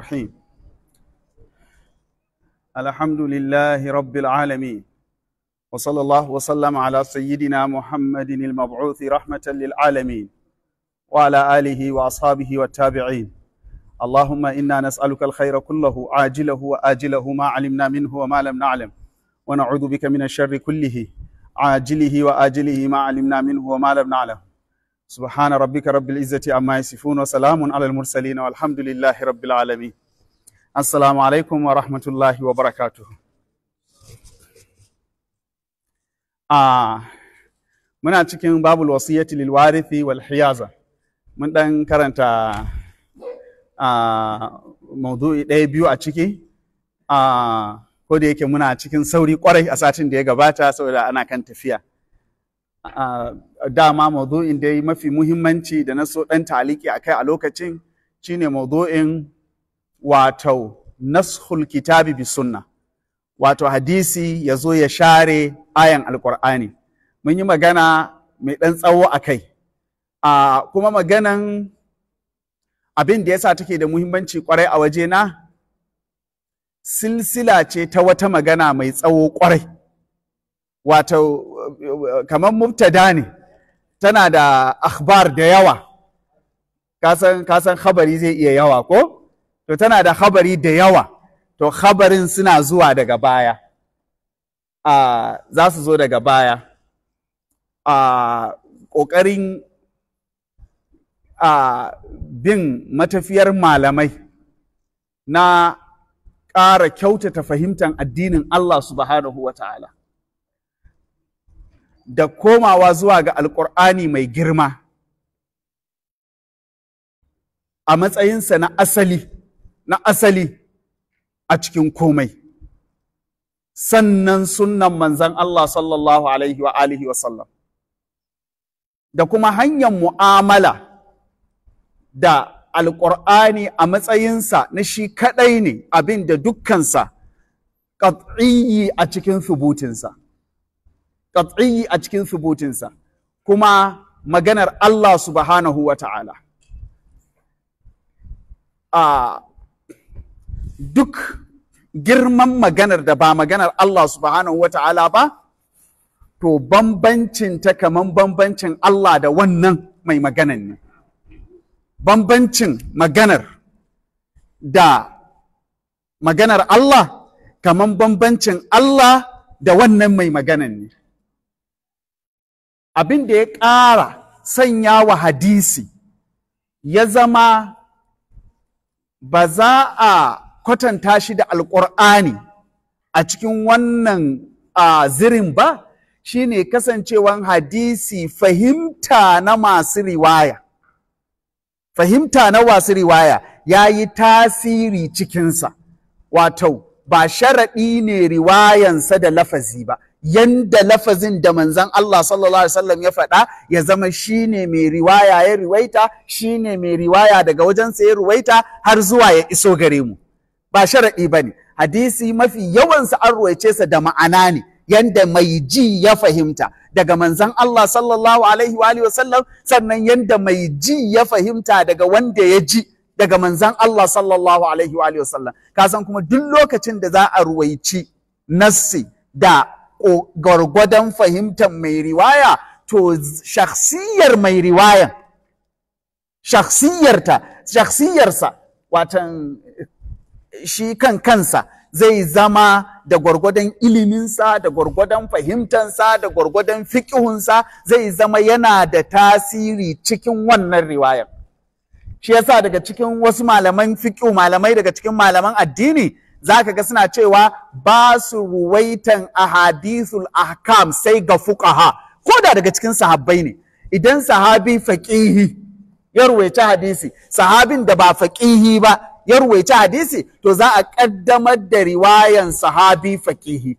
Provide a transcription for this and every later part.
الرحيم الحمد لله رب العالمين وصلى الله وسلم على سيدنا محمد المبعوث رحمة للعالمين وعلى آله وأصحابه والتابعين اللهم إنا نسألك الخير كله عاجله وآجله ما علمنا منه وما لم نعلم ونعوذ بك من الشر كله عاجله وآجله ما علمنا منه وما لم نعلم سبحان ربك رب العزة عما يصفون وسلام على المرسلين والحمد لله رب العالمين السلام عليكم ورحمة الله وبركاته آه muna cikin babul wasiyati lil warithi wal hiyaza mun dan karanta a ah, maudu'i ɗaya biyu a ciki a ah, ko da yake muna cikin sauri kwarai a satin da ya gabata saboda ana kan tafiya a dama maudu'in da ya mafi muhimmanci da na so ɗan taliki a kai a lokacin shine maudu'in wato nashul kitabi bi sunna wato hadisi ya zo ya share ayan alkur'ani mun yi magana mai ɗan tsawo a kai kuma maganan abin da yasa take da muhimmanci kwarai a wajena silsila ce ta wata magana mai tsawo kwarai wato kamar mubtada ne tana da akhbar da yawa kasan kasan khabari zai iya yawa ko to tana da khabari da yawa to khabarin suna zuwa daga baya a za su zo daga baya a ƙoƙarin a bin matafiyar malamai na ƙara kyautata fahimtar addinin Allah subhanahu wa ta'ala da komawa zuwa ga alƙur'ani mai girma a matsayinsa na asali na asali a cikin komai sannan sunan manzan Allah sallallahu alaihi wa alihi wa sallam da kuma hanyar mu'amala da alƙur'ani a matsayinsa na shi kaɗai ne abin da dukkansa ƙat'iyyi a cikin subutinsa. qat'i a cikin subutinsa kuma maganar Allah subhanahu wa ta'ala a duk girman maganar da ba maganar Allah subhanahu wa ta'ala ba to bambancin ta kaman bambancin Allah da wannan mai maganan ne bambancin maganar da maganar Allah kaman bambancin Allah da wannan mai maganan ne abin da ya ƙara sanya wa hadisi ya zama ba za a kwatanta shi da alƙur'ani a cikin wannan zirin ba shi ne kasancewan hadisi fahimta na masu riwaya fahimta na wasu riwaya ya yi tasiri cikinsa wato ba sharaɗi ne riwayansa da lafazi ba yanda lafazin da manzan Allah sallallahu alaihi wasallam ya faɗa ya zama shine mai riwaya ya riwaita shine mai riwaya daga wajensa ya riwaita har zuwa ya iso gare mu ba sharaɗi ba ne hadisi mafi yawansa an ruwaice sa da ma'ana ne yanda mai ji ya fahimta daga manzan Allah sallallahu alaihi wasallam sannan yanda mai ji ya fahimta daga wanda ya ji daga manzan Allah sallallahu alaihi wasallam kasan kuma duk lokacin da za a ruwaici nassi da gwargwadon fahimtar mai riwaya to shakhsiyar mai riwayan shaksiyarta shakhsiyarsa watan shi kan kansa zai zama da gwargwadon iliminsa da gwargwadon fahimtansa da gwargwadon fiƙihunsa zai zama yana da tasiri cikin wannan riwayar shi yasa daga cikin wasu malaman fiƙihu malamai daga cikin malaman addini za ka ga suna cewa ba su ruwaitan ahadithul ahkam sai ga fuqaha ko da daga cikin sahabbai ne idan sahabi faƙihi ya ruwaita hadisi sahabin da ba faƙihi ba ya ruwaita hadisi to za a ƙaddamar da riwayan sahabi faƙihi.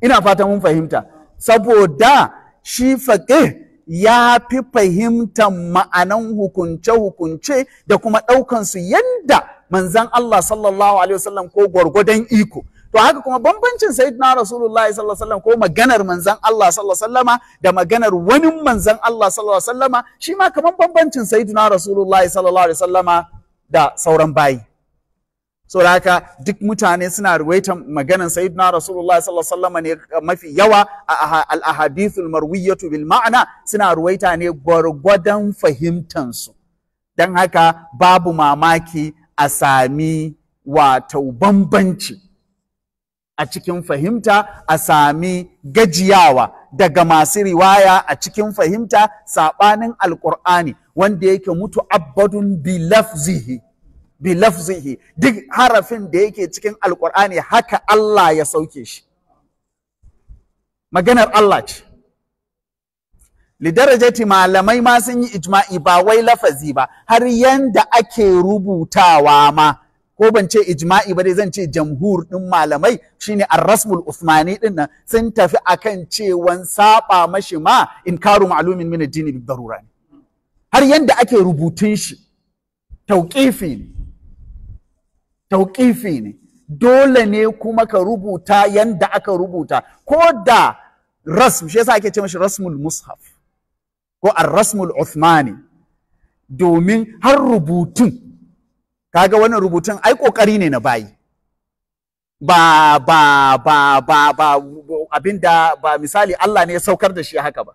ina fatan mun fahimta saboda shi faqih ya fi fahimtar ma'anan hukunce-hukunce da kuma ɗaukansu yadda manzan Allah sallallahu alaihi wasallam ko gwargwadon iko to haka kuma bambancin sayyidina rasulullahi sallallahu alaihi wasallam ko maganar manzan Allah sallallahu alaihi wasallama da maganar wani manzan Allah sallallahu alaihi wasallama shi ma kaman bambancin sayyidina rasulullahi sallallahu alaihi wasallama da sauran bayi so da haka duk mutane suna ruwaita maganar sayyidina rasulullahi sallallahu alaihi wasallama ne mafi yawa a al ahadithul marwiyatu bil ma'ana suna ruwaita ne gwargwadon fahimtansu don haka babu mamaki a sami wato bambanci a cikin fahimta a sami gajiyawa daga masu riwaya a cikin fahimta saɓanin alƙur'ani wanda yake mutu abadun bilafzihi bilafzihi duk harafin da yake cikin alƙur'ani haka Allah ya sauke shi maganar Allah ce lidarajati malamai ma sun yi ijma'i ba wai lafazi ba har yanda ake rubutawa ma ko ban ce ijma'i ba dai zan ce jamhur din malamai shine ar-rasmul usmani din sun tafi akan cewan saba mashi ma inkaru ma'lumin min ad-dini bi darura har yanda ake rubutun shi tauqifi ne tauqifi ne dole ne kuma ka rubuta yanda aka rubuta ko da rasm shi yasa ake ce mashi rasmul mushaf ko ar-rasmul Uthmani domin har rubutun kaga wannan rubutun ai kokari ne na bayi ba ba ba ba ba abinda ba misali Allah ne ya saukar da shi haka ba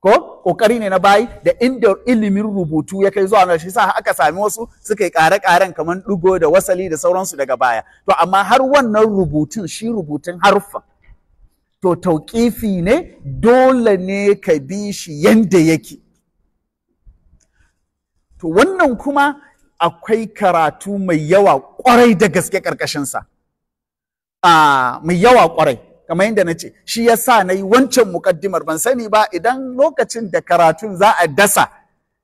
ko kokari ne na bayi da inda ilimin rubutu ya kai zuwa na shi sa aka sami wasu suka yi ƙare ƙaren kamar dugo da wasali da sauransu daga baya to amma har wannan rubutun shi rubutun harfa to tauƙifi ne dole ne ka bi shi yanda yake to wannan kuma akwai karatu mai yawa ƙwarai da gaske ƙarƙashinsa mai yawa ƙwarai kamar yadda na ce shi ya sa na yi wancan muƙaddimar ban sani ba idan lokacin da karatun za a dasa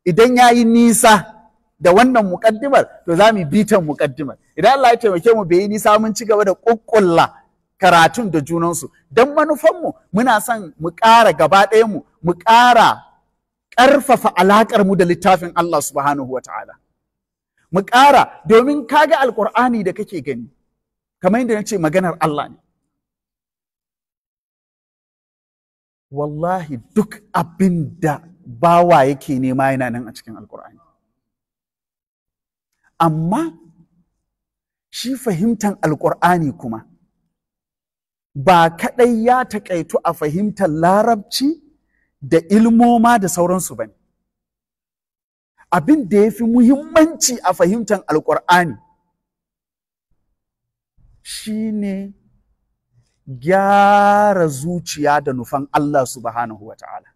idan ya yi nisa da wannan muƙaddimar to za mu bitan muƙaddimar idan Allah ya taimake mu bai yi nisa mun ci gaba da ƙuƙƙulla karatun da junansu don manufanmu muna son mu ƙara gaba mu mu ƙara ƙarfafa alaƙar mu da littafin Allah subhanahu wa ta'ala mu ƙara domin kaga alƙur'ani da kake gani kamar yadda na ce maganar Allah ne wallahi duk abin da bawa yake nema yana nan a cikin alƙur'ani amma shi fahimtar alƙur'ani kuma ba kaɗai ya taƙaitu a fahimtar larabci da ilmoma da sauransu ba ne. Abin da ya fi muhimmanci a fahimtar Alƙur'ani shi ne gyara zuciya da nufan Allah subhanahu wa ta'ala.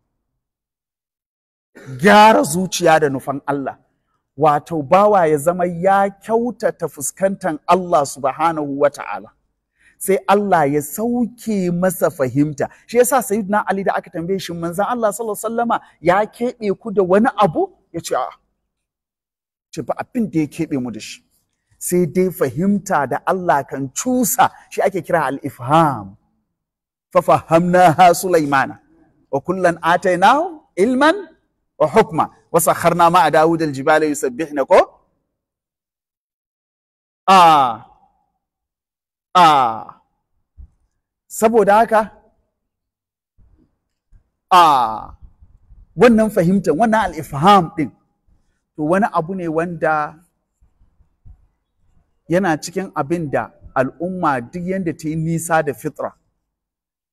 Gyara zuciya da nufan Allah. Wato bawa ya zama ya kyautata fuskantar Allah subhanahu wa ta'ala. sai Allah ya sauke masa fahimta shi yasa sayyidina Ali da aka tambaye shi manzon Allah sallallahu alaihi wasallama ya keɓe ku da wani abu ya ce ce ba abin da ya keɓe mu da shi sai dai fahimta da Allah kan cusa shi ake kira al-ifham fa fahamnaha sulaimana wa kullan atainahu ilman wa hukma wa sakharna ma Dawud al-jibala yusabbihna ko a ah. a saboda haka a wannan fahimtar wannan al’ifaham ɗin to wani abu ne wanda yana cikin abin da al'umma duk yadda ta yi nisa da fitra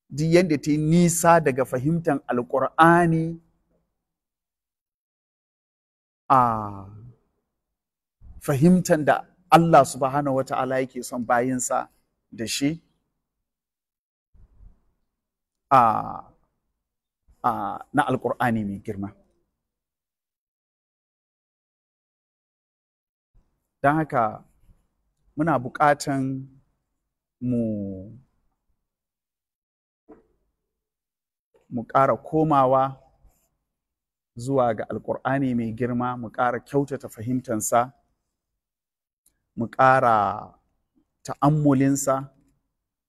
duk yadda ta yi nisa daga fahimtar alƙur'ani a fahimtar da Allah subhanahu wa ta'ala yake son bayinsa da shi a na alƙur'ani mai girma don haka muna buƙatan mu mu ƙara komawa zuwa ga alƙur'ani mai girma mu ƙara kyautata fahimtansa mu ƙara ta'ammulinsa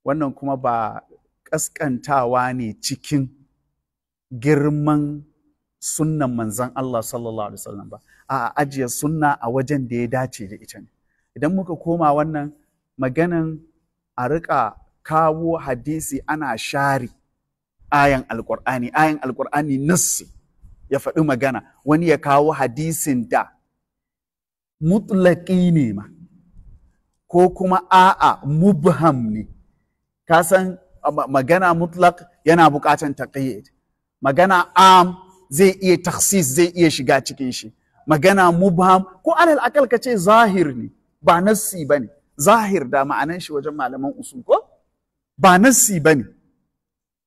wannan kuma ba ƙasƙantawa ne cikin girman sunnan manzan Allah sallallahu alaihi wasallam ba a ajiye sunna a wajen da ya dace da ita ne idan muka koma wannan maganan a riƙa kawo hadisi ana share ayan alƙur'ani ayan alƙur'ani nassi ya faɗi magana wani ya kawo hadisin da mutlaƙi ne ma ko kuma a'a mubham ne ka san magana mutlak yana buƙatan taqyid magana am zai iya taksis zai iya shiga cikin shi magana mubham ko alal akal ka ce zahir ne ba nassi bane zahir da ma'anan shi wajen malaman usul ko ba nassi bane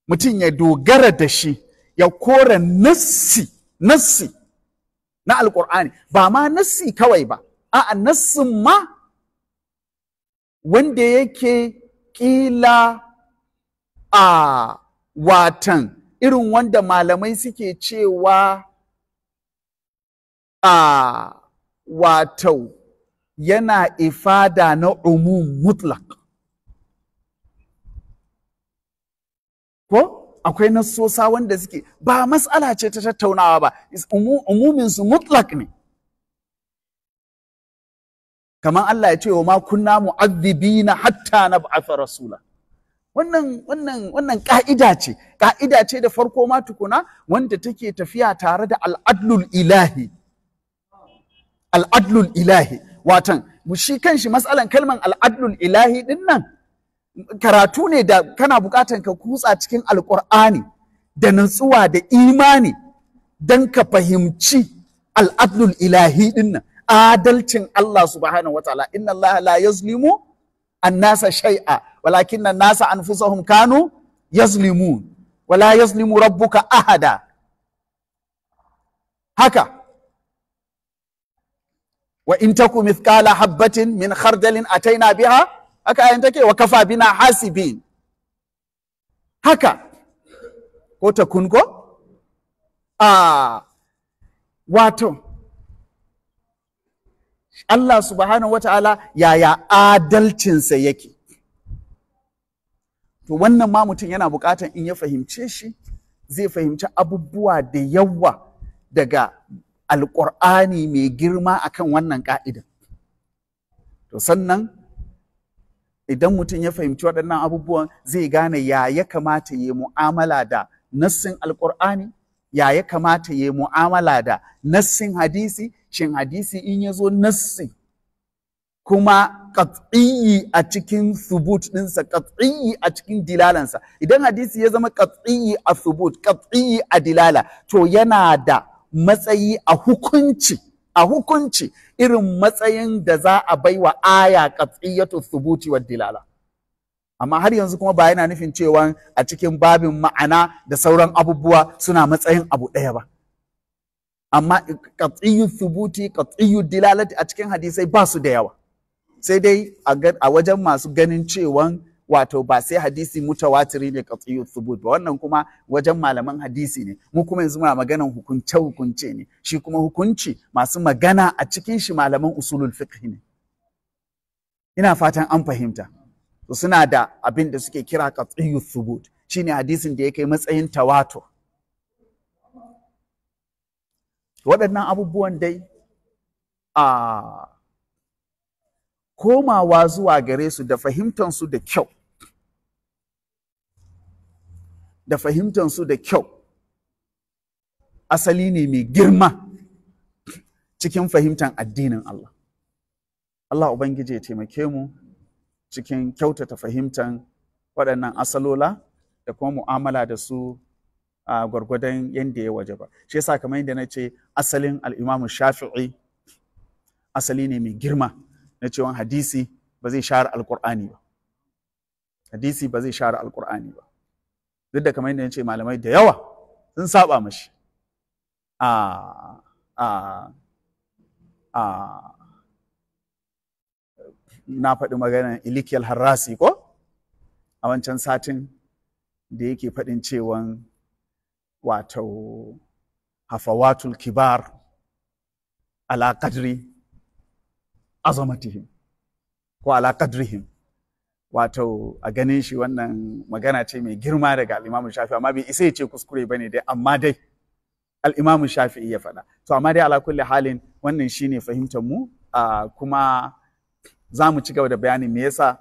mutum ya dogara da shi ya kora nassi nassi na alqur'ani ba ma nassi kawai ba a'a nassin ma wanda yake ƙila a watan irin wanda malamai suke cewa a watau yana ifada na umum mutlak ko akwai nasosa wanda suke ba matsala ce ta tattaunawa ba su mutlak ne kamar Allah ya ce wa ma kunna na hatta ba'afa rasula wannan wannan wannan ka'ida ce Ƙa'ida ce da farko ma tukuna wanda take tafiya tare da al'adlul ilahi al'adlul ilahi watan shi kanshi matsalan kalman al'adlul ilahi din nan karatu ne da kana bukatan ka kutsa cikin alkur'ani da nutsuwa da imani don ka fahimci al'adlul ilahi din nan adalcin Allah subhanahu ta'ala. inna Allah la yazlimu annasa shay'a walakinna nasa anfusahum kanu yazlimun wala yazlimu rabbuka ahada haka wa in taku mithqala habbatin min khardalin ataina biha haka ayan take wa kafa bina hasibin haka ko takun ko a ah. wato Allah subhanahu ta’ala yaya adalcinsa yake to wannan ma mutum yana buƙatar in ya fahimce shi zai fahimci abubuwa da yawa daga alƙur'ani mai girma akan wannan ƙa'ida to sannan idan mutum ya fahimci waɗannan abubuwan zai gane ya ya kamata ya mu'amala da nassin alƙur'ani ya ya kamata ya mu'amala da nassin hadisi shin hadisi in ya zo nassi kuma katsiyi a cikin subut ɗinsa katsiyi a cikin dilalansa idan hadisi ya zama kat'iyi a subut katsiyi a dilala to yana da matsayi a hukunci a hukunci irin matsayin da za a bai wa aya to subuti wa dilala amma har yanzu kuma ba yana nufin cewa a cikin babin ma'ana da sauran abubuwa suna matsayin abu ɗaya ba amma katsiyu thubuti katsiyu dilalati a cikin hadisai ba su da yawa sai dai a wajen masu ganin cewan wato ba sai hadisi mutawatiri ne katsiyu thubut ba wannan kuma wajen malaman hadisi ne mu kuma yanzu muna maganan hukunce hukunce ne shi kuma hukunci masu magana a cikin shi malaman usulul fiqh ne ina fatan an fahimta suna da abin da suke kira katsiyu thubut shine hadisin da ya kai matsayin tawatur waɗannan abubuwan dai a komawa zuwa gare su da fahimtansu da kyau da fahimtansu da kyau asali ne mai girma cikin fahimtar addinin Allah Allah Ubangiji ya taimake mu cikin kyautata fahimtar waɗannan asalola da kuma mu'amala da su a gwargwadon yadda ya waje ba shi yasa kamar yadda na ce asalin al'imamu shafi'i asali ne mai girma na cewa hadisi ba zai share alkur'ani ba hadisi ba zai share alkur'ani ba duk da kamar yadda na ce malamai da yawa sun saba mashi a na faɗi magana ilikiyar harrasi ko a wancan satin da yake faɗin cewan wato hafawatul kibar ala kadri azamatihim ko ala kadrihim wato a ganin shi wannan magana ce mai girma daga al'imamun shafi amma bai isa ya ce kuskure ba ne dai amma dai al'imamun shafi ya faɗa to amma dai ala kulli halin wannan shine fahimtar mu kuma za mu ci gaba da bayanin me yasa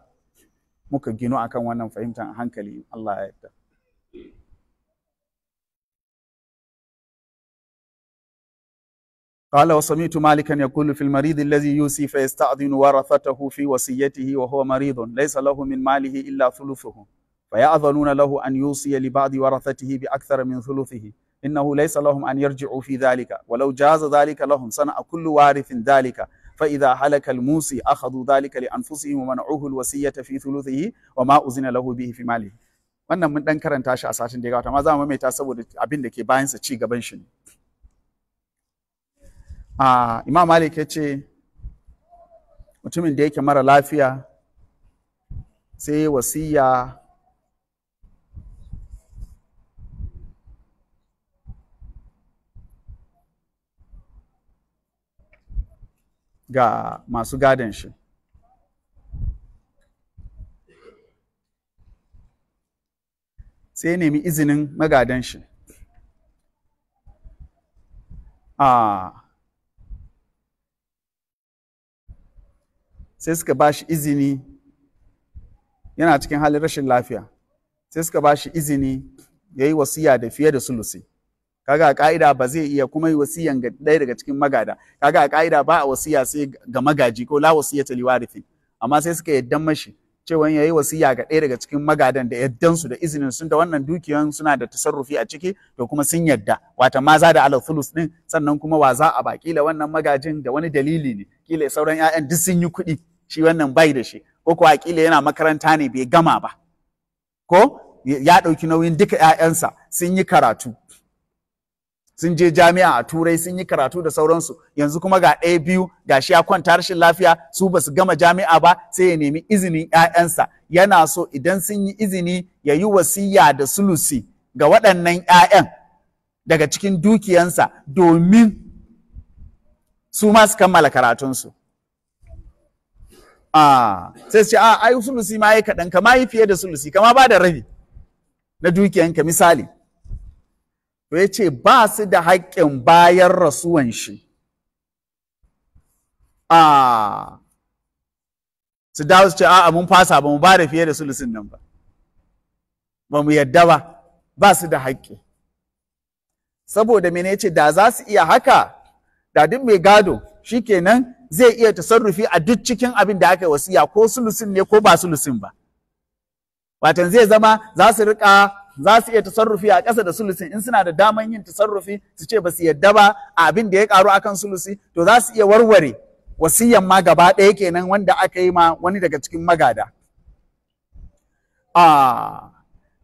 muka gino akan wannan fahimtar hankali Allah ya yarda قال وسمعت مالكا يقول في المريض الذي يوصي فيستأذن ورثته في وصيته وهو مريض ليس له من ماله إلا ثلثه فيأذنون له أن يوصي لبعض ورثته بأكثر من ثلثه إنه ليس لهم أن يرجعوا في ذلك ولو جاز ذلك لهم صنع كل وارث ذلك فإذا هلك الموصي أخذوا ذلك لأنفسهم ومنعوه الوصية في ثلثه وما أذن له به في ماله wannan mun dan karanta shi a satin da ya gabata amma za mu maimaita saboda abin da ke bayan sa ci gaban shi ne a imam malik ya ce mutumin da yake mara lafiya sai wasiya ga masu gadon shi sai nemi izinin magadan shi sai suka ba shi izini yana cikin halin rashin lafiya sai suka ba shi izini ya yi wasiya da fiye da sulusi kaga a ka'ida ba zai iya kuma yi wasiyan ɗaya daga cikin magada kaga a ka'ida ba a wasiya sai ga magaji ko la wasiya ta liwarifin amma sai suka yaddan mashi cewa ya yi wasiya ga ɗaya daga cikin magadan da yaddan su da izinin sun da wannan dukiyan suna da tasarrufi a ciki to kuma sun yadda wata maza da alal fulus din sannan kuma wa za a ba kila wannan magajin da wani dalili ne kila sauran 'ya'yan duk sun yi kuɗi shi wannan bai da shi ko kuwa akila yana makaranta ne bai gama ba ko ya ɗauki nauyin duka 'ya'yansa sun yi karatu sun je jami'a a turai sun yi karatu da sauransu yanzu kuma ga ɗaya biyu ga shi ya kwanta rashin lafiya su basu gama jami'a ba sai ya nemi izinin 'ya'yansa yana so idan sun yi izini ya yi wasiya da sulusi ga waɗannan 'ya'yan daga cikin dukiyansa domin su ma su kammala karatunsu Ah, sai ce a ai sulusi ma yi kaɗan kama yi fiye da sulusi kama ba da rabi na dukiyanka misali to ya ce ba su da haƙƙin bayan rasuwan shi Ah, su dawo su ce a'a mun fasa ba mu ba da fiye da sulusin nan ba ba mu yadda ba ba su da haƙƙi saboda mene ce da za su iya haka da duk mai gado shi kenan zai iya tasarrufi a duk cikin abin da aka yi wasiya ko sulusin ne ko ba sulusin ba watan zai zama za su rika za su iya tasarrufi a ƙasa da sulusin in suna da daman yin tasarrufi su ce ba su yadda ba a abin da ya karu akan sulusi to za su iya warware wasiyan ma gaba ɗaya kenan wanda aka yi ma wani daga cikin magada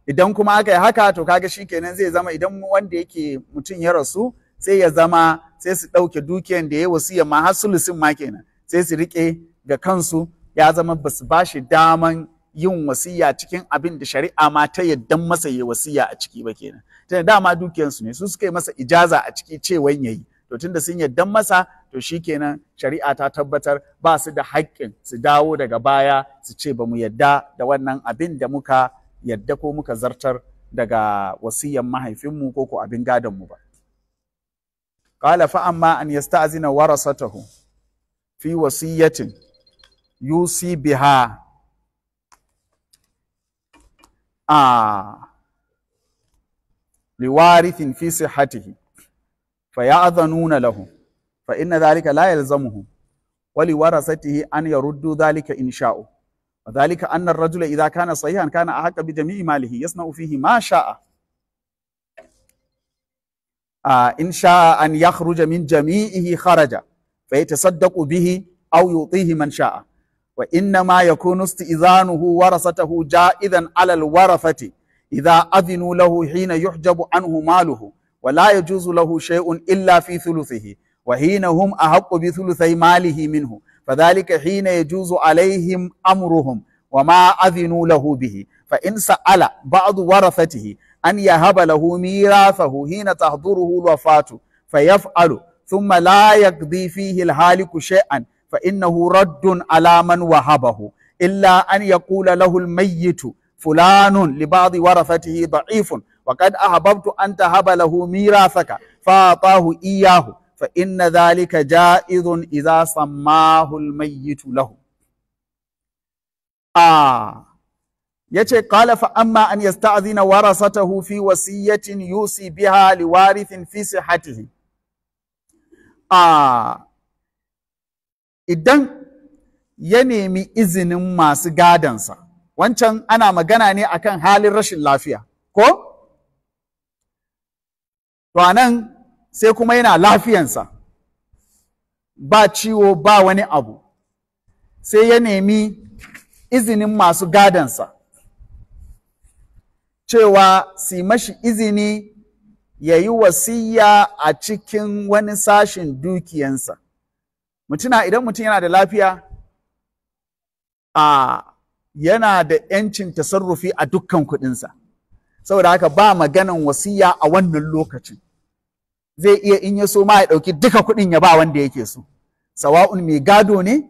idan kuma aka yi haka to kaga shi kenan zai zama idan wanda yake mutum ya rasu sai ya zama sai su ɗauke dukiyan da ya wasiya ma har sulusin ma kenan sai su riƙe ga kansu ya zama ba su ba shi daman yin wasiya cikin abin da shari'a ma ta yadda masa ya wasiya a ciki ba kenan tunda dama dukiyansu ne su suka yi masa ijaza a ciki cewan yi. to tunda sun yadda masa to shi kenan shari'a ta tabbatar ba su da haƙƙin su dawo daga baya su ce ba mu yadda da wannan abin da muka yadda ko muka zartar daga wasiyan mahaifinmu ko ko abin gadonmu ba قال فأما أن يستأذن ورثته في وصية يوصي بها آه لوارث في صحته فيأذنون له فإن ذلك لا يلزمه ولورثته أن يردوا ذلك إن شاءوا وذلك أن الرجل إذا كان صحيحا كان أحق بجميع ماله يصنع فيه ما شاء in sha'a an yakhruja min jami'ihi kharaja fa yatasaddaqu bihi aw yutihi man sha'a wa inna ma yakunu isti'zanuhu warasatahu ja'idan 'ala al-warafati idha adhinu lahu hina yuhjabu anhu maluhu wa la yajuzu lahu shay'un illa fi thuluthihi wa hina hum ahaqqu bi thuluthi malihi minhu hina فذلك حين يجوز عليهم أمرهم وما أذنوا له به فإن سأل بعض ورثته an yahaba lahu mirathahu hina tahduruhu wafatu fayaf'alu thumma la yaqdi fihi al-haliku shay'an fa innahu raddun ala man wahabahu illa an yaqula lahu al-mayyitu fulanun li ba'di warathatihi da'ifun wa qad ahbabtu an tahaba lahu mirathaka fa atahu iyyahu fa inna dhalika ja'izun idha sammahu al-mayyitu lahu ah yace qala fa amma an yasta'zina warasatahu fi wasiyatin yusi biha liwarithin fi sihhatihi a idan ya nemi izinin masu gadansa wancan ana magana ne akan halin rashin lafiya ko to anan sai kuma yana lafiyansa ba ciwo ba wani abu sai ya nemi izinin masu gadansa cewa si mashi izini ya yi wasiya a cikin wani sashin dukiyansa. Mutuna idan mutum yana da lafiya, a yana da ‘yancin tasarrufi a dukkan kuɗinsa, saboda haka ba maganan wasiya a wannan lokacin. Zai iya in ya so ma ya ɗauki duka kuɗin ya ba wanda yake so, sawa'un mai gado ne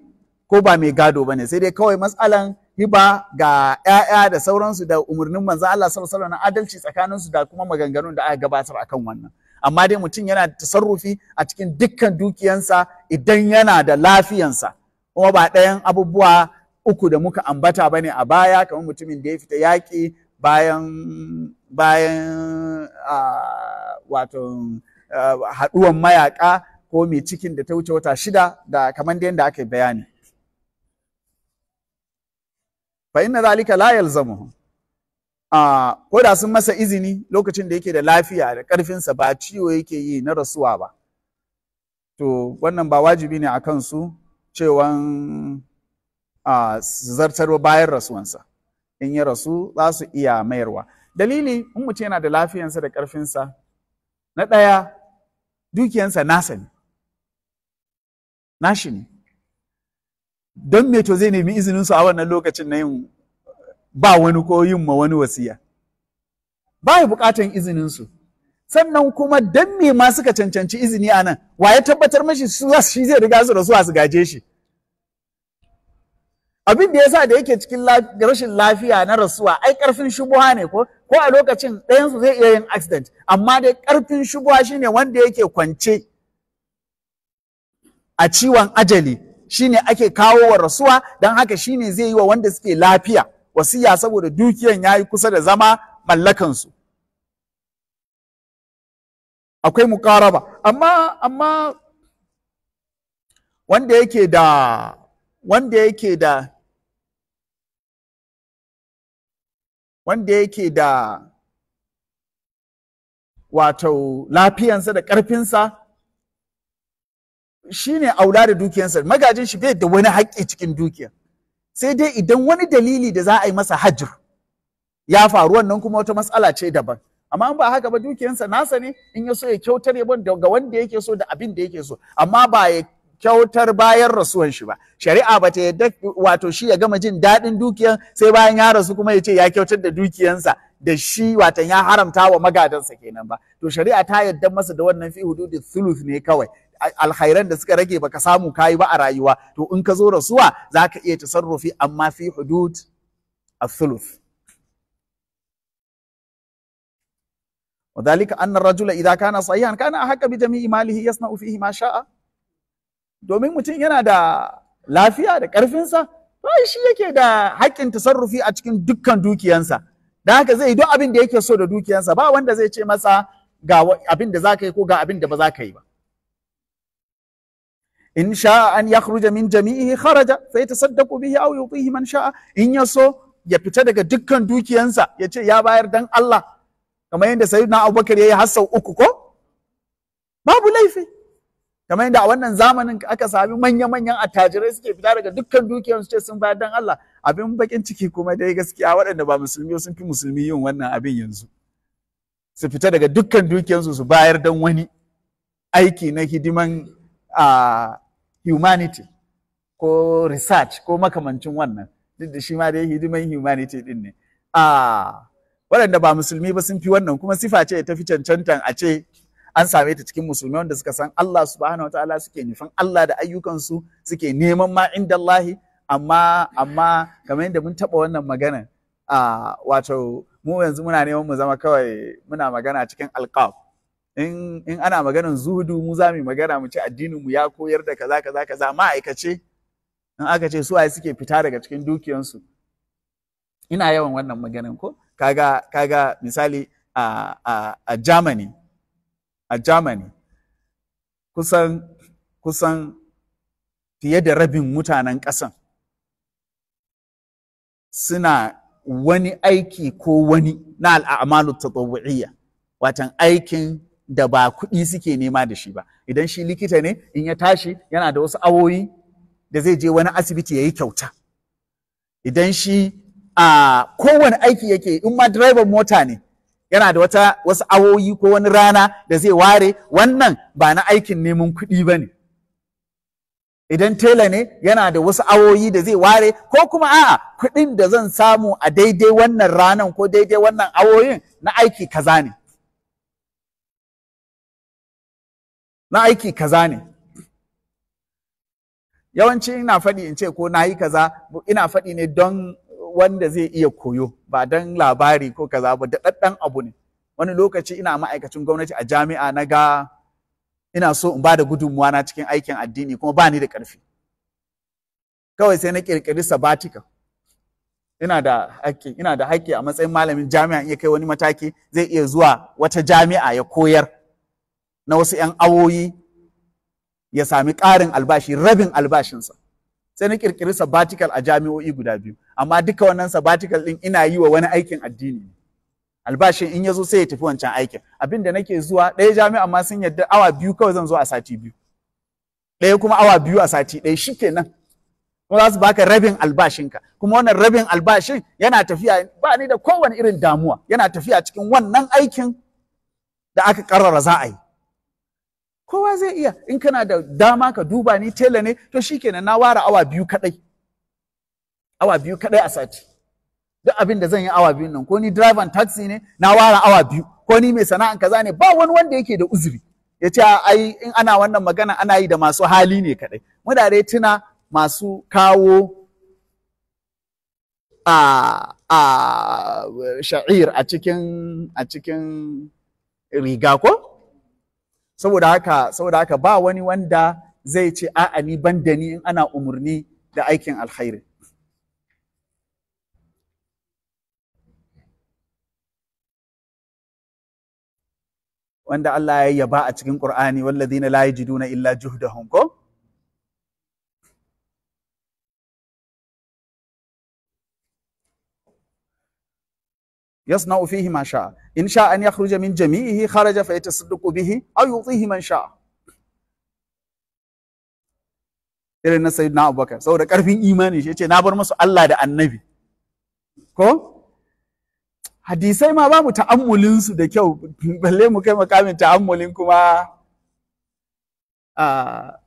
ko ba mai gado ba ne, sai dai kawai matsalan riba ga 'ya'ya da sauransu da umarnin manzo Allah sallallahu alaihi wasallam adalci tsakaninsu da kuma maganganun da aka gabatar akan wannan amma dai mutum yana tasarrufi a cikin dukkan dukiyansa idan yana da lafiyansa kuma ba ɗayan abubuwa uku da muka ambata ba ne a baya kamar mutumin da ya fita yaƙi bayan bayan wato haɗuwan mayaƙa ko mai cikin da ta wuce wata shida da kamar da yadda aka yi bayani fa inna zalika la yalzamuhu a ko sun masa izini lokacin da yake da lafiya da karfinsa ba ciwo yake yi na rasuwa ba to wannan ba wajibi ne a su cewan su zartarwa bayan rasuwansa in ya rasu za su iya mayarwa dalili in mutum yana da lafiyansa da ƙarfinsa na ɗaya dukiyansa nasa ne don me to zai nemi izinin su a wannan lokacin na yin ba wani ko yin ma wani wasiya ba ya bukatan izinin su sannan kuma don me ma suka cancanci izini a nan wa ya tabbatar mashi shi zai riga su rasuwa su gaje shi abin da sa da yake cikin rashin lafiya na rasuwa ai karfin shubuha ne ko ko a lokacin ɗayansu zai iya yin accident amma dai karfin shubuha shine wanda yake kwance a ciwon ajali shine ake kawo wa rasuwa don haka shine zai yi wa wanda suke lafiya wasiya saboda dukiyan ya yi kusa da zama mallakansu akwai mukaraba amma amma wanda yake da wanda yake da wanda yake da wato lafiyansa da ƙarfinsa shi ne aula da dukiyansa magajin shi bai da wani haƙƙi cikin dukiya sai dai idan wani dalili da za a yi masa hajjir ya faru wannan kuma wata matsala ce daban amma ba haka ba dukiyansa nasa ne in ya so ya kyautar ya ban ga wanda yake so da abin da yake so amma ba ya kyautar bayan rasuwan shi ba shari'a ba ta yadda wato shi ya gama jin daɗin dukiyan sai bayan ya rasu kuma ya ce ya kyautar da dukiyansa da shi watan ya haramta wa magadansa kenan ba to shari'a ta yadda masa da wannan fi hududu thuluth ne kawai alkhairan da suka rage baka samu kayi ba a rayuwa to in ka zo rasuwa za ka iya tasarrufi amma fi hudud الثلث وذلك أن الرجل إذا كان صحيحا كان jami'i بجميع ماله يصنع فيه ma sha'a. domin mutum yana da lafiya da ƙarfinsa bai shi yake da haƙƙin tasarrufi a cikin dukkan dukiyansa da haka zai duk abin da yake so da dukiyansa ba wanda zai ce masa ga abin da za ka yi ko ga abin da ba za ka yi ba in sha'a an yakhruja min jami'ihi kharaja fa yatasaddaqu bihi aw yutihi man sha'a in yaso ya fita daga dukkan dukiyansa ya ce ya bayar dan Allah kamar yadda sayyidina Abubakar yayi yi uku ko babu laifi kamar yadda a wannan zamanin aka sami manya-manyan attajirai suke fita daga dukkan dukiyansu ce sun bayar dan Allah abin bakin ciki kuma dai gaskiya waɗanda ba musulmi sun fi musulmi yin wannan abin yanzu su fita daga dukkan dukiyansu su bayar dan wani aiki na hidiman a humanity ko research ko makamancin wannan duk da shi ma dai hidiman humanity din ne a waɗanda ba musulmi ba sun fi wannan kuma sifa ce ta fi cancantan a ce an same ta cikin musulmi wanda suka san Allah subhanahu ta'ala suke nufin Allah da ayyukansu suke neman ma inda Allahi amma amma kamar yadda mun taɓa wannan magana a wato mu yanzu muna neman mu zama kawai muna magana cikin alqab in in ana maganan zuhudu mu za mu magana mu ci addinin mu ya koyar da kaza kaza kaza ma'aikace in aka ce su ai suke fita daga cikin dukiyansu ina yawan wannan maganan ko kaga kaga misali a a a Germany a Germany kusan kusan fiye da rabin mutanen ƙasan suna wani aiki ko wani na al'amalu tatawu'iyya watan aikin da ba kuɗi suke nema da shi ba idan shi likita ne in ya tashi yana da wasu awoyi da zai je wani asibiti ya yi kyauta idan shi a kowane aiki yake in ma direban mota ne yana da wata wasu awoyi ko wani rana da zai ware wannan ba na aikin neman kuɗi ba ne idan tela ne yana da wasu awoyi da zai ware ko kuma a'a kuɗin da zan samu a daidai wannan ranan ko daidai wannan awoyin na aiki kaza ne na aiki kaza ne yawanci ina faɗi in ce ko na yi kaza ina faɗi ne don wanda zai iya koyo ba don labari ko kaza ba daɗaɗɗen abu ne wani lokaci ina ma'aikacin gwamnati a jami'a na ga ina so in ba da gudunmuwa na cikin aikin addini kuma ba ni da ƙarfi kawai sai na ƙirƙiri sabatika ina da haƙƙi ina da haƙƙi a matsayin malamin jami'a in iya kai wani mataki zai iya zuwa wata jami'a ya koyar na wasu 'yan awoyi ya sami ƙarin albashi rabin albashinsa sai na ƙirƙiri sabbatical a jami'o'i guda biyu amma duka wannan sabbatical ɗin ina yi wa wani aikin addini albashin in ya zo sai ya tafi wancan aikin abin da nake zuwa ɗaya jami'a ma sun yarda awa biyu kawai zan zo a sati biyu ɗaya kuma awa biyu a sati ɗaya shi kenan kuma za su baka rabin albashinka kuma wannan rabin albashin yana tafiya ba ni da kowane irin damuwa yana tafiya cikin wannan aikin da aka ƙarrara za a yi kowa zai iya in kana da dama ka duba ni tela ne to shikenan na ware awa biyu kadai awa biyu kadai a sati duk abin da zan yi awa biyu nan ko ni driver taxi ne na ware awa biyu ko ni mai sana'an kaza ne ba wani wanda yake da uzuri ya ce ai in ana wannan magana ana yi da masu hali ne kadai mudare tuna masu kawo a a sha'ir a cikin a cikin riga ko saboda haka saboda haka ba wani wanda zai ce a'a ni ban da ni in ana umurni da aikin alkhairi wanda Allah ya yaba a cikin Qur'ani walladhina la yajiduna illa juhdahum ko yasna'u fihi ma sha'a in sha'a an yakhruja min jami'ihi kharaja fa yatasaddaqu bihi aw yutihi man sha'a irin na sayyidina Abubakar saboda karfin imani shi yace na bar musu Allah da Annabi ko hadisai ma ba mu ta'ammulin su da kyau balle mu kai makamin ta'ammulin kuma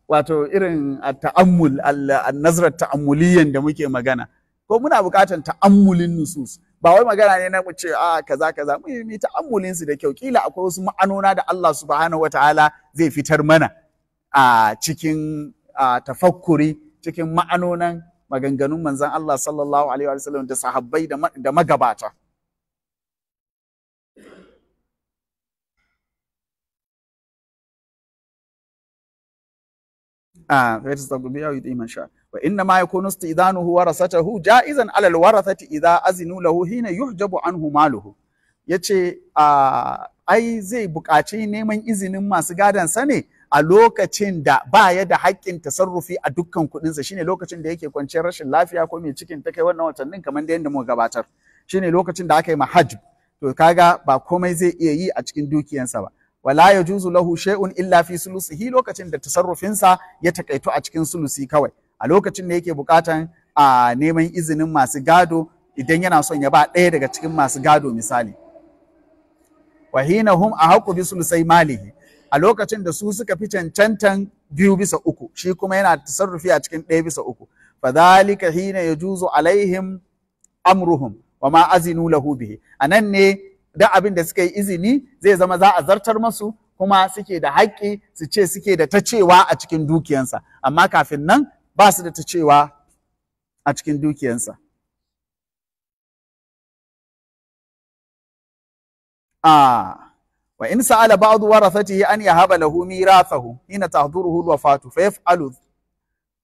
wato irin ta'ammul an-nazrat ta'ammuliyan da muke magana ko muna buƙatar ta'ammulin nusus ba wai magana ne na mu ce a kaza kaza mu yi ta'ammulin su da kyau kila akwai wasu ma'anona da Allah subhanahu wataala zai fitar mana a cikin tafakkuri cikin ma'anonan maganganun manzon Allah sallallahu alaihi wa sallam da sahabbai da magabata Ah, that is the Gubiya with Iman Shah? wa inna ma yakunu istidanuhu warasatahu ja'izan ala alwarathati idha azinu lahu hina yuhjabu anhu maluhu yace a ai zai buƙaci neman izinin masu gadon sa ne a lokacin da ba ya da haƙƙin tasarrufi a dukkan kuɗinsa shine lokacin da yake kwanciyar rashin lafiya ko mai cikin ta kai wannan watannin kamar da yadda muka gabatar shine lokacin da aka yi mahajj to kaga ba komai zai iya yi a cikin dukiyansa ba wala yajuzu lahu shay'un illa fi sulusihi lokacin da tasarrufinsa ya takaito a cikin sulusi kawai a lokacin da yake bukatan a neman izinin masu gado idan yana son ya ba ɗaya daga cikin masu gado misali wahina hum a haƙu bisu sai malihi a lokacin da su suka fi cancantan biyu bisa uku shi kuma yana tasarrufi a cikin ɗaya bisa uku fadhalika hina juzo alaihim amruhum wa ma azinu lahu bihi anan ne da abin da suka yi izini zai zama za a zartar masu kuma suke da haƙƙi su ce suke da ta cewa a cikin dukiyansa amma kafin nan ba su da ta cewa a cikin dukiyansa. A wa in sa'ala ba'du warathatihi an yahaba lahu mirathahu hina tahduruhu al-wafatu fa yaf'alu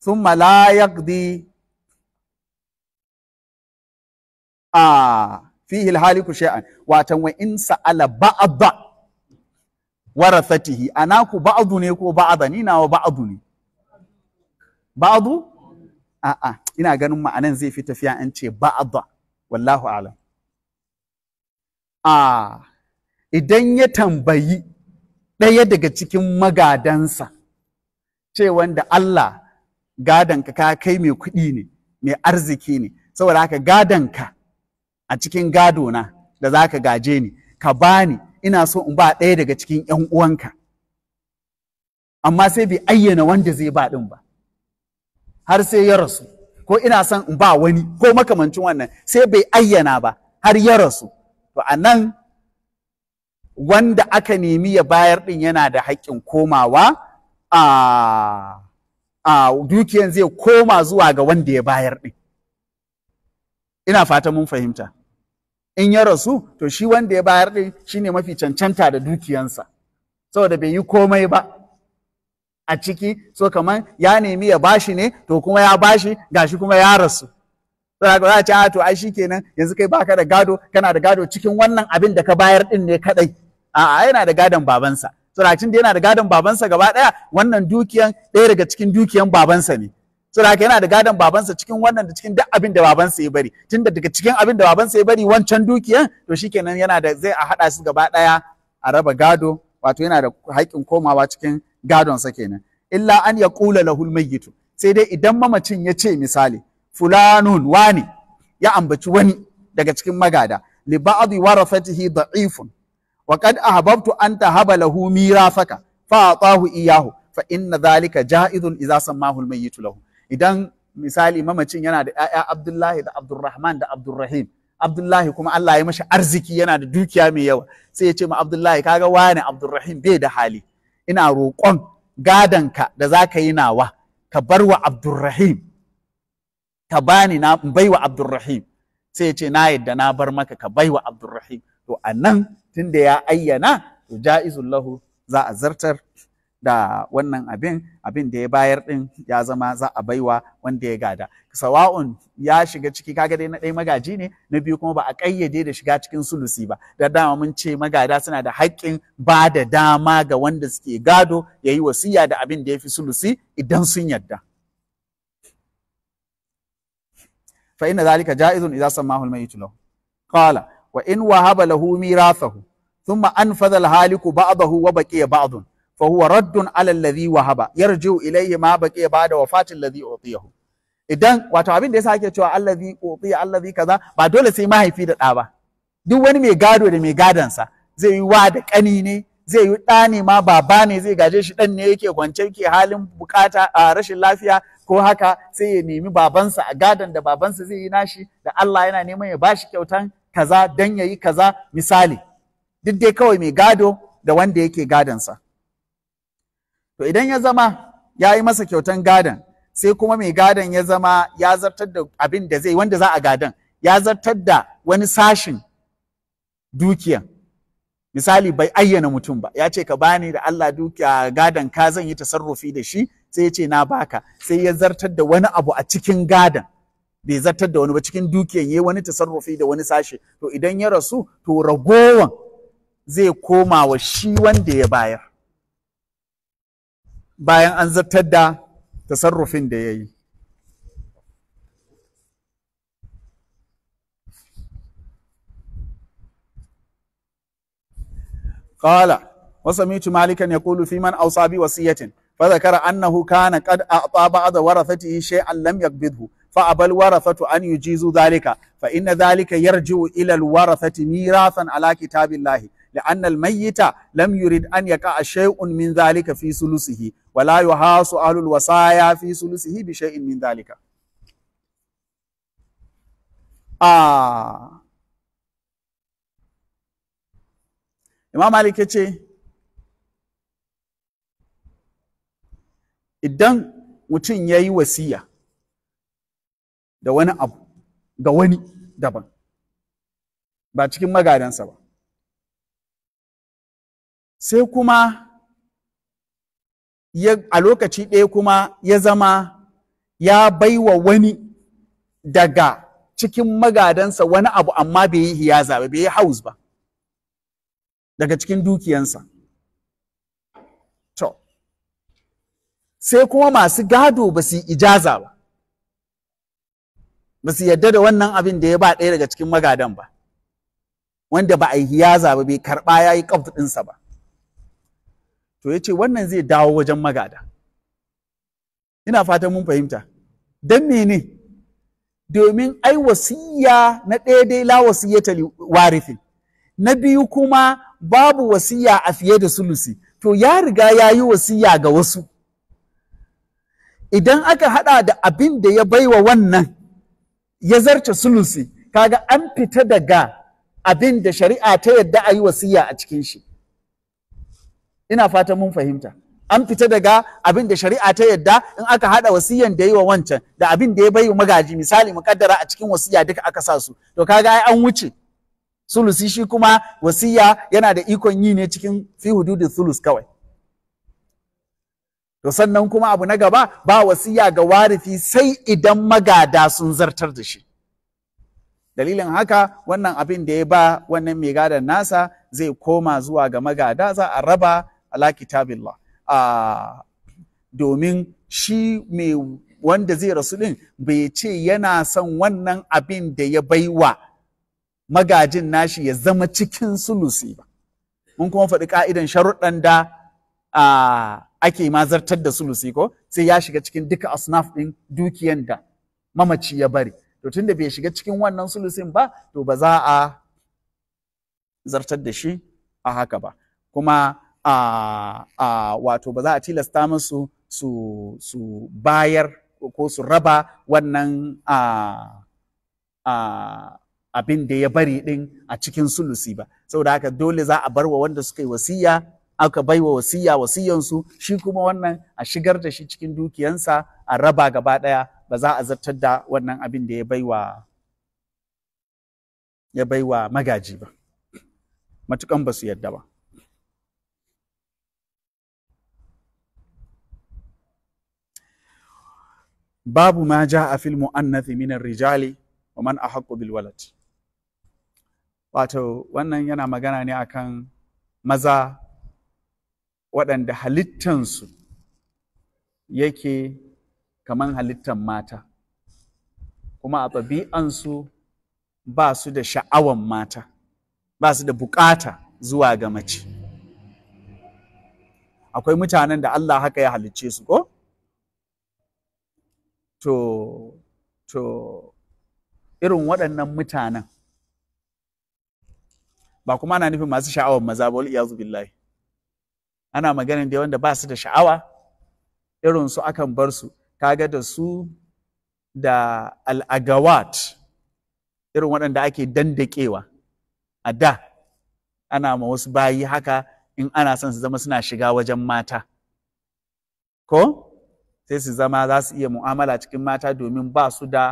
thumma la yaqdi a fihi al-haliku shay'an watan wa in sa'ala ba'da warathatihi anaku ba'du ne ko ba'da ni nawa ba'du ne ba'adu a'a ina ganin ma'anan zai fi tafiya an ce ba'adu, wallahu alam a ah, idan ya tambayi ɗaya daga cikin magadansa ce wanda Allah gadanka ka kai mai kuɗi ne mai arziki ne saboda haka ka a cikin gado na da za ka gaje ni ka bani ina so in ba ɗaya daga cikin ‘yan uwanka amma sai bai ayyana wanda zai ba ɗin ba har sai ya rasu ko ina son in ba wani ko makamancin wannan sai bai ayyana ba har ya rasu to a nan wanda aka nemi ya bayar ɗin yana da haƙƙin komawa a dukiyan zai koma zuwa ga wanda ya bayar ɗin ina fata mun fahimta in ya rasu to shi wanda ya bayar ɗin shine mafi cancanta da dukiyansa saboda bai yi komai ba a ciki so kamar ya nemi ya bashi ne to kuma ya bashi gashi kuma ya rasu za ka ce a ah, to ai shikenan yanzu kai baka da gado kana da gado cikin wannan abin da ka bayar din ne kadai a'a yana da gadon babansa tsiracin da yana da gadon babansa gaba daya wannan dukiyan ɗaya daga cikin dukiyan babansa ne tsiraka yana da gadon babansa cikin wannan da cikin duk abin da babansa ya bari tunda daga cikin abin da babansa ya bari wancan dukiyan to shikenan yana da zai a haɗa su gaba daya a raba gado wato yana da haƙƙin komawa cikin Gadon sa kenan illa an ya ƙula lahul mayyitu sai dai idan mamacin ya ce misali fulanun wani ya ambaci wani daga cikin magada li ba'dhi warathatihi da'ifun wa qad ahbabtu an tahaba lahu mirafaka fa atahu iyahu fa inna dhalika ja'izun idza samahu al-mayyit lahu idan misali mamacin yana da ƴaƴa Abdullahi da Abdurrahman da Abdurrahim Abdullahi kuma Allah ya mashi arziki yana da dukiya mai yawa sai ya ce ma Abdullahi kaga wani Abdurrahim bai da hali ina roƙon gadonka da za ka yi nawa ka bar wa abdurrahim ka bani na bai wa abdurrahim sai ya ce na yadda na bar maka ka bai wa abdurrahim to a nan tun da ya ayyana to ja'izullahu za a zartar da wannan abin abin da ya bayar din ya zama za a baiwa wanda ya gada sawa'un ya shiga ciki kaga dai na ɗaya magaji ne na biyu kuma ba a ƙayyade da shiga cikin sulusi ba da dama mun ce magada suna da haƙƙin ba da dama ga wanda suke gado ya yi wasiya da abin da ya fi sulusi idan sun yarda. fa inna zalika ja'izun idza sammahu al-mayyit qala wa in wahaba lahu mirathahu thumma anfadha al-haliku ba'dahu wa baqiya ba'dun fa huwa raddun ala alladhi wahaba yarji'u ilayhi ma baqiya ba'da wafati alladhi idan wato abin da yasa ake cewa alladhi utiya alladhi kaza ba dole sai mahaifi da ɗa ba duk wani mai gado da mai sa zai yi wa da kani ne zai yi ɗa ne ma baba ne zai gaje shi ɗan ne yake kwance yake halin bukata a rashin lafiya ko haka sai ya nemi babansa a gadon da babansa zai yi nashi da Allah yana neman ya bashi kyautan kaza dan ya yi kaza misali duk dai kawai mai gado da wanda yake sa. to idan ya zama ya yi masa kyautan gadon sai kuma mai gadon ya zama ya zartar da abin da zai wanda za a gadon ya zartar da wani sashin dukiyan. misali bai ayyana mutum ba ya ce ka bani da Allah dukiya gadon ka zan yi tasarrufi da shi sai ya ce na baka sai ya zartar da wani abu a cikin gadon bai zartar da wani ba cikin dukiyan yi wani tasarrufi da wani sashe to idan ya rasu to ragowan zai koma wa shi wanda ya bayar bayan an zartar da tasarrufin da ya قال وسمعت مالكا يقول في من اوصى بوصيه فذكر انه كان قد اعطى بعض ورثته شيئا لم يقبضه فابى الورثه ان يجيزوا ذلك فان ذلك يرجع الى الورثه ميراثا على كتاب الله لان الميت لم يرد ان يقع شيء من ذلك في ثلثه wala yuhasu ahlul ya fi sulusihi bi shay'in min dalika imam Ali ke ce idan mutum ya yi wasiya da wani abu ga wani daban ba cikin magadansa ba sai kuma a lokaci ɗaya kuma ya zama ya baiwa wani daga cikin magadansa wani abu amma bai yi hiyaza ba bai yi haus ba daga cikin dukiyansa sai kuma masu gado ba su yi ijaza ba ba su yadda da wannan abin da ya ba ɗaya daga cikin magadan ba wanda ba a yi hiyaza ba bai karɓa ya yi ɗinsa ba to ya ce wannan zai dawo wajen magada ina fatan mun fahimta don mene domin ai wasiya na ɗaya dai la ta warifin na biyu kuma babu wasiya a fiye da sulusi to ya riga ya yi wasiya ga wasu idan aka hada da abin da ya baiwa wannan ya zarce sulusi kaga an fita daga abin da shari'a ta yadda a yi wasiya a cikin shi ina fatan mun fahimta an fita daga abin da shari'a ta yadda in aka hada wasiyan da yi wa wancan da abin da ya bai magaji misali mukaddara a cikin wasiya duka aka sa su to kaga ai an wuce sulusi shi kuma wasiyya yana da ikon yi ne cikin fi hududin sulus kawai to sannan kuma abu na gaba ba wasiyya ga warifi sai idan magada sun zartar da shi dalilin haka wannan abin da ya ba wannan mai gadon nasa zai koma zuwa ga magada za a raba ala kitabillah a domin shi mai wanda zai rasu din bai ce yana son wannan abin da ya bai wa magajin nashi ya zama cikin sulusi ba mun kuma faɗi ka'idan sharuɗan da ake mazartar da sulusi ko sai ya shiga cikin duka asnaf ɗin dukiyan da mamaci ya bari to tunda bai shiga cikin wannan sulusin ba to ba za a zartar da shi a haka ba kuma a wato ba za a tilasta musu su su bayar ko su raba wannan abin da ya bari din a cikin sulusi ba saboda haka dole za a barwa wanda suka yi wasiya aka baiwa wasiya wasiyansu shi kuma wannan a shigar da shi cikin dukiyansa a raba gaba daya ba za a zartar da wannan abin da ya baiwa ya baiwa magaji ba matukan ba su yadda ba babu ma ja a fil mu'annathi min rijali wa man ahaqqu bil walad wato wannan yana magana ne akan maza waɗanda halittansu yake kaman halittan mata kuma a ɗabi'ansu ba su da sha'awan mata ba su da bukata zuwa ga mace akwai mutanen da Allah haka ya halicce su ko to to irin waɗannan mutanen ba kuma ana nufin masu sha'awar maza ba wani iyazu billahi ana maganin da wanda ba su da sha'awa irin su akan bar su kaga da su da al'agawat irin waɗanda ake dandakewa a da ana ma wasu bayi haka in ana son su zama suna shiga wajen mata ko sai su zama za su iya mu'amala cikin mata domin ba su da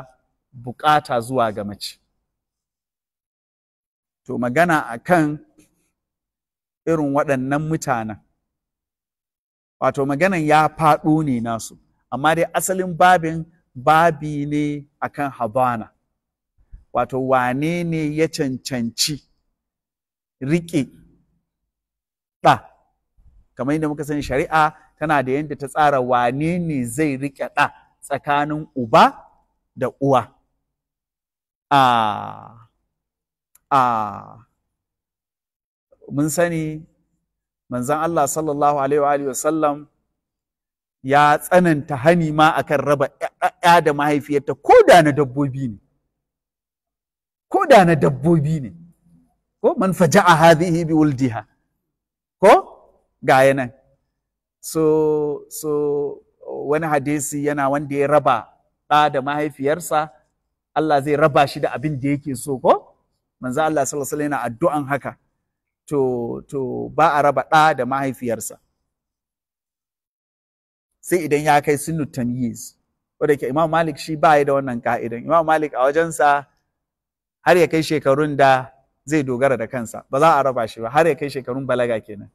bukata zuwa ga mace to magana a kan irin waɗannan mutanen wato maganan ya faɗo ne nasu amma dai asalin babin babi ne akan habana wato wane ne ya cancanci riƙe ɗa kamar yadda muka sani shari'a tana da yadda ta tsara wane ne zai riƙe ɗa tsakanin uba da uwa a mun sani manzan Allah sallallahu alaihi wa sallam ya tsananta hani ma akan raba ya da mahaifiyarta ko da na dabbobi ne ko da na dabbobi ne ko man a hadhihi bi wuldiha ko ga yanan so so wani hadisi yana wanda ya raba ɗa da mahaifiyarsa Allah zai raba shi da abin da yake so ko manzo Allah sallallahu alaihi yana addu'an haka to to ba a raba ɗa da mahaifiyarsa sai idan ya kai sunu tamyiz wanda ke Imam Malik shi ba ya da wannan ka'idan Imam Malik a wajensa har ya kai shekarun da zai dogara da kansa ba za a raba shi ba har ya kai shekarun balaga kenan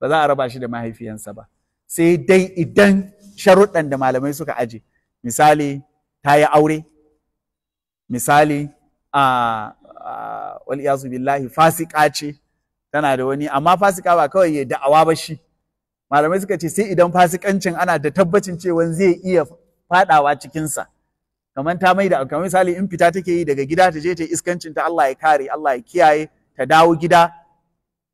ba za a raba shi da mahaifiyansa ba sai dai idan sharuɗan da malamai suka aje misali ta yi aure misali a waliyasu billahi fasika ce tana da wani amma fasika ba kawai ya da'awa ba shi malamai suka ce sai idan fasikancin ana da tabbacin cewa zai iya fadawa cikinsa kamar ta mai da kamar misali in fita take yi daga gida ta je ta iskancin ta Allah ya kare Allah ya kiyaye ta dawo gida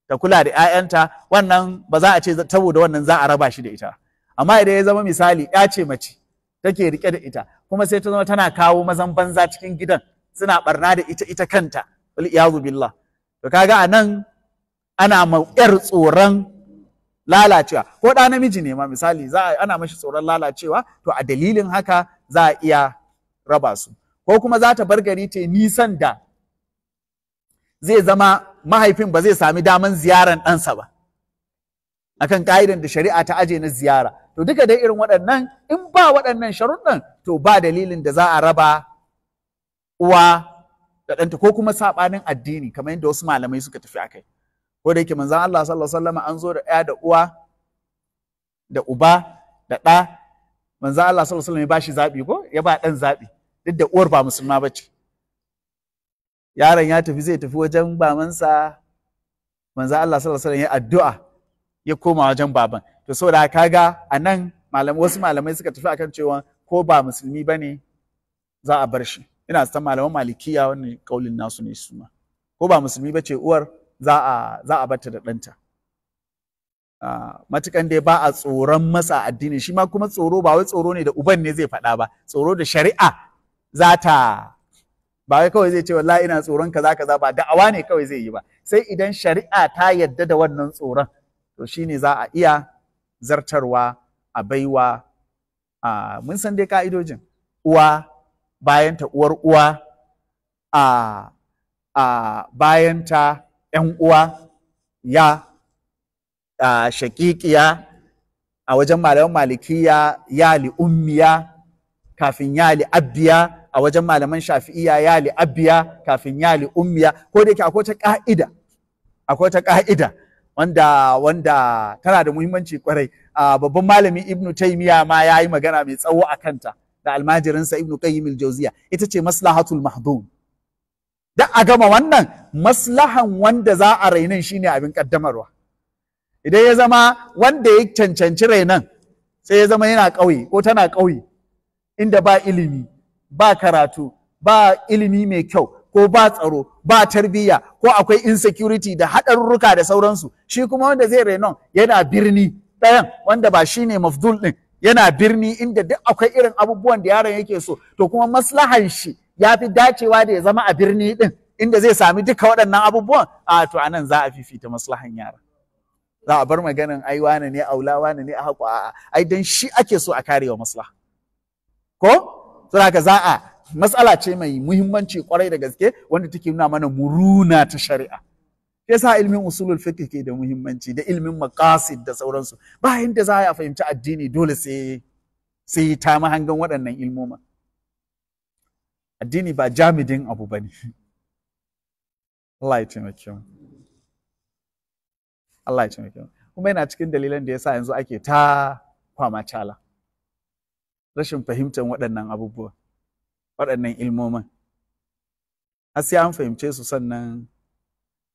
ta kula da 'ya'yanta wannan ba za a ce saboda wannan za a raba shi da ita amma idan ya zama misali ya ce mace take rike da ita kuma sai ta zama tana kawo mazan banza cikin gidan suna barna da ita ita kanta wal iyazu to kaga anan ana ma yar tsoron lalacewa ko da namiji ne ma misali za ana mashi tsoron lalacewa to a dalilin haka za a iya raba su ko kuma za ta bar gari ta nisan da zai zama mahaifin ba zai sami daman ziyaran ɗansa ba akan ka'idan da shari'a ta aje na ziyara to duka dai irin waɗannan in ba waɗannan sharuɗan to ba dalilin da za a raba uwa da ɗanta ko kuma saɓanin addini kamar yadda wasu malamai suka tafi akai ko da yake manzon Allah sallallahu alaihi wasallam an zo da ɗaya da uwa da uba da ɗa manzon Allah sallallahu alaihi wasallam ya bashi zaɓi ko ya ba ɗan zaɓi duk da uwar ba musulma bace yaron ya tafi zai tafi wajen babansa manzo Allah sallallahu alaihi wasallam ya addu'a ya koma wajen baban to saboda kaga anan malamai wasu malamai suka tafi akan cewa ko ba musulmi bane za a bar shi ina san malaman malikiya wannan kaulin nasu ne su ma ko ba musulmi bace uwar za a za a bata da ɗanta ah, matukan dai ba a tsoron masa addini shi ma kuma tsoro ba wai tsoro ne da uban ne zai faɗa ba tsoro da shari'a za ta ba wai kawai zai ce wallahi ina tsoron kaza kaza ba da'awa ne kawai zai yi ba sai idan shari'a ta yadda da wannan tsoron to shine za a iya zartarwa a baiwa a mun san dai ka'idojin uwa bayanta uwar uwa a a bayanta yan uwa ya a shakikiya a wajen malaman malikiya ya li ummiya kafin ya li abbiya a wajen malaman shafi'iya ya li abiya kafin ya li ummiya ko da yake akwai ta ka'ida akwai ta ka'ida wanda wanda tana da muhimmanci kwarai babban malami ibnu taymiya ma ya yi magana mai tsawo a kanta da almajirinsa ibnu qayyim al-jawziya ita ce maslahatul mahdum da a gama wannan maslahan wanda za a rainin shine abin kaddamarwa idan ya zama wanda ya cancanci rainan sai ya zama yana ƙauye ko tana ƙauye inda ba ilimi ba karatu ba ilimi mai kyau ko ba tsaro ba tarbiyya ko akwai insecurity da haɗarurruka da sauransu shi kuma wanda zai renon yana birni ɗayan wanda ba shi ne mafdul ɗin yana birni inda duk akwai irin abubuwan da yaron yake so to kuma maslahan shi ya fi dacewa da ya zama a birni ɗin inda zai sami duka waɗannan abubuwan a to anan za a fifita maslahan yaron za a bar maganin ai wane ne aula wane ne a haƙo a'a ai dan shi ake so a karewa maslaha ko saboda za a matsala ce mai muhimmanci kwarai da gaske wanda take nuna mana muruna ta shari'a yasa ilmin usulul fiqh ke da muhimmanci da ilmin maqasid da sauransu ba yanda za a fahimci addini dole sai sai ta mahangan waɗannan ilmoma addini ba jamidin abu bane Allah ya taimake mu Allah ya taimake mu kuma yana cikin dalilan da yasa yanzu ake ta kwama cala rashin fahimtar waɗannan abubuwa waɗannan ilmomin har sai an fahimce su sannan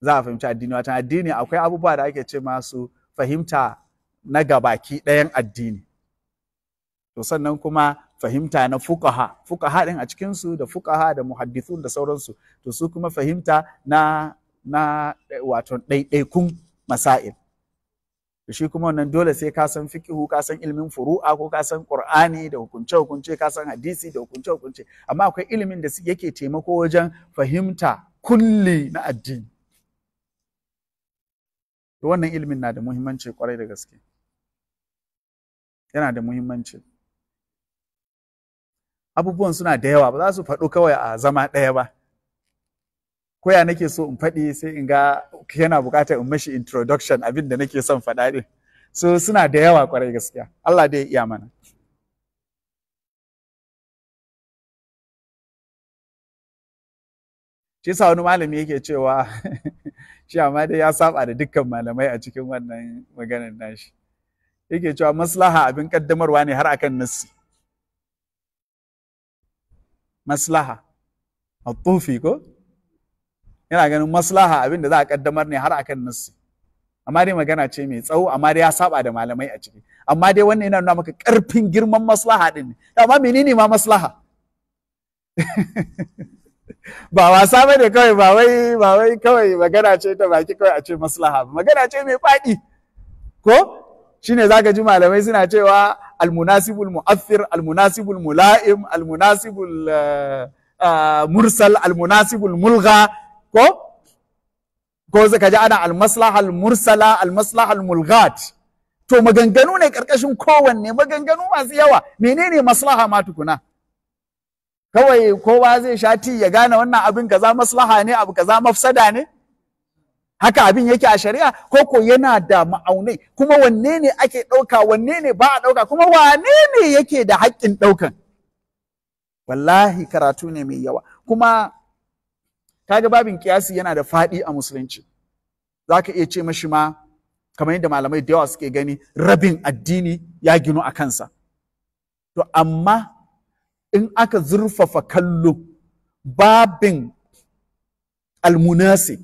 za a fahimci addini wata addini akwai abubuwa da ake ce masu fahimta na gabaki ɗayan addini to sannan kuma fahimta na fukaha fukaha ɗin a cikinsu da fukaha da muhaddithun da sauransu to su kuma fahimta na na wato ɗaiɗaikun masa'il to shi kuma wannan dole sai ka san kasan ka san ilimin furu'a ko ka san qur'ani da hukunce hukunce ka san hadisi da hukunce hukunce amma akwai ilimin da yake taimako wajen fahimta kulli na addini to wannan ilimin na da muhimmanci kwarai da gaske yana da muhimmanci abubuwan suna da yawa ba za su faɗo kawai a zama ɗaya ba koya nake so in faɗi sai in ga yana buƙatar in mashi introduction abin da nake son faɗa ɗin so suna da yawa ƙwarai gaskiya Allah dai iya mana shi sa wani malami yake cewa shi amma dai ya saba da dukkan malamai a cikin wannan maganar nashi yake cewa maslaha abin kaddamarwa ne har akan nassi maslaha al ko yana ganin maslaha abin da za a kaddamar ne har akan nasu. amma dai magana ce mai tsawo amma dai ya saba da malamai a ciki amma dai wannan yana nuna maka karfin girman maslaha din ne amma menene ma maslaha ba wasa ba ne kawai ba wai ba wai kawai magana ce ta baki kawai a ce maslaha ba magana ce mai faɗi ko shine zaka ji malamai suna cewa almunasibul mu'affir almunasibul mula'im almunasibul eh, eh, mursal almunasibul mulgha ko ko ka ji ana almaslahal mursala almaslahal mulghat to maganganu ne karkashin kowanne maganganu masu yawa menene maslaha ma tukuna kawai kowa zai sha ya gane wannan abin kaza maslaha ne abu kaza mafsada ne haka abin yake a shari'a ko ko yana da ma'aunai kuma wanne ne ake ɗauka wanne ne ba a ɗauka kuma wane ne yake da haƙƙin ɗaukan wallahi karatu ne mai yawa kuma kaga babin kiyasi yana da faɗi a musulunci Za ka iya ce mashi ma kamar yadda malamai da yawa suke gani rabin addini ya ginu a kansa to amma in aka zurfafa kallo babin almunasik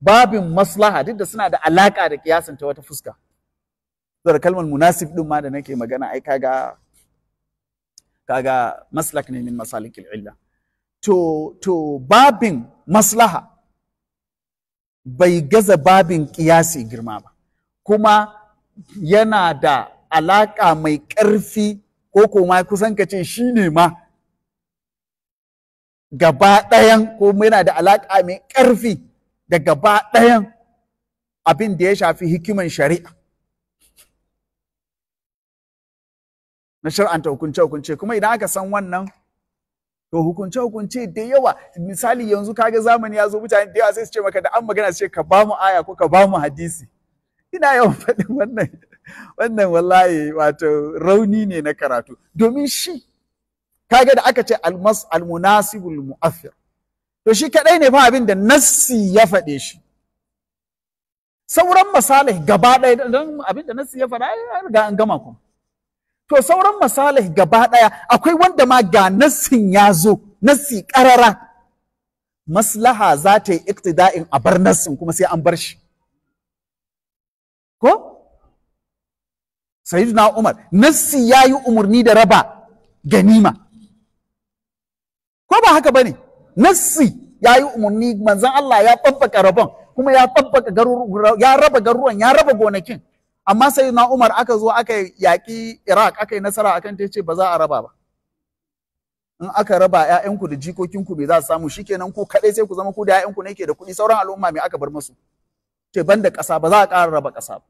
babin maslaha duk da suna da alaka da kiyasin ta wata fuska da kalmar munasib din ma da nake magana ai kaga kaga maslak ne min masalikil illa to, to babin maslaha bai gaza babin kiyasi girma ba kuma yana da alaƙa mai ƙarfi ko kuma kusan ka ce shi ne ma gaba ɗayan ko yana da alaƙa mai ƙarfi da gaba ɗayan abin da ya shafi hikiman shari'a na shar'anta hukunce-hukunce kuma idan aka san wannan to hukunce hukunce da yawa misali yanzu kaga zamani ya zo mutane da yawa sai su ce maka da an magana su ce ka ba mu aya ko ka ba mu hadisi ina yawan faɗin wannan wannan wallahi wato rauni ne na karatu domin shi kaga da aka ce almas almunasibul mu'affir to shi kadai ne fa abin da nassi ya faɗe shi sauran misalai gaba ɗaya don abin da nassi ya faɗa an gama kuma to sauran masalih gaba ɗaya akwai wanda ma ga nassin ya zo nassi ƙarara maslaha za ta yi iktida'in a bar nassin kuma sai an bar shi ko na umar nassi ya yi umarni da raba ganima ko ba haka ba ne nassi ya yi umarni manzan Allah ya ɓaɓɓaka rabon kuma ya ɓaɓɓaka ya raba garuruwan ya raba gonakin amma sai na Umar aka zo aka yaƙi Iraq aka yi nasara akan ta ce ba za a raba ba in aka raba ƴaƴanku da jikokinku me za su samu shikenan ku kaɗai sai ku zama ku da ƴaƴanku ne ke da kuɗi sauran al'umma me aka bar musu ce banda ƙasa ba za a ƙara raba ƙasa ba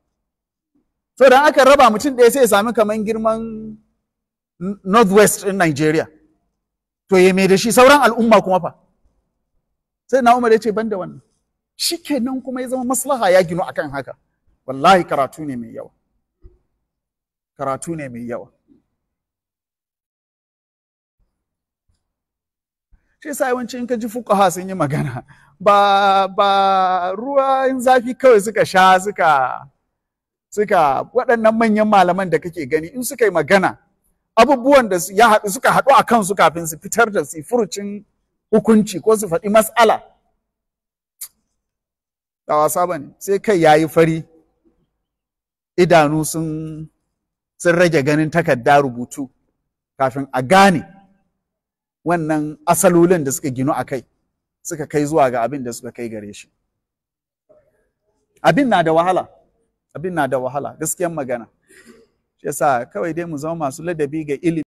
so dan aka raba mutum ɗaya sai ya sami kaman girman northwest in Nigeria to ya me da shi sauran al'umma kuma fa sai na Umar ya ce banda wannan shikenan kuma ya zama maslaha ya gino akan haka wallahi karatu ne mai yawa karatu ne mai yawa shi sa yawanci in ka ji fuqaha sun yi magana ba ba ruwa in zafi kawai suka sha suka suka waɗannan manyan malaman da kake gani in suka yi magana abubuwan da ya haɗu suka haɗu a kansu kafin su fitar da su furucin hukunci ko su faɗi matsala. ba wasa ne sai kai ya yi fari idanu sun sun rage ganin takarda rubutu kafin a gane wannan asalolin da suka gino a kai suka kai zuwa ga abin da suka kai gare shi abin na da wahala abin na da wahala gaskiyan magana shi yasa kawai dai mu zama masu ladabi ga ilimi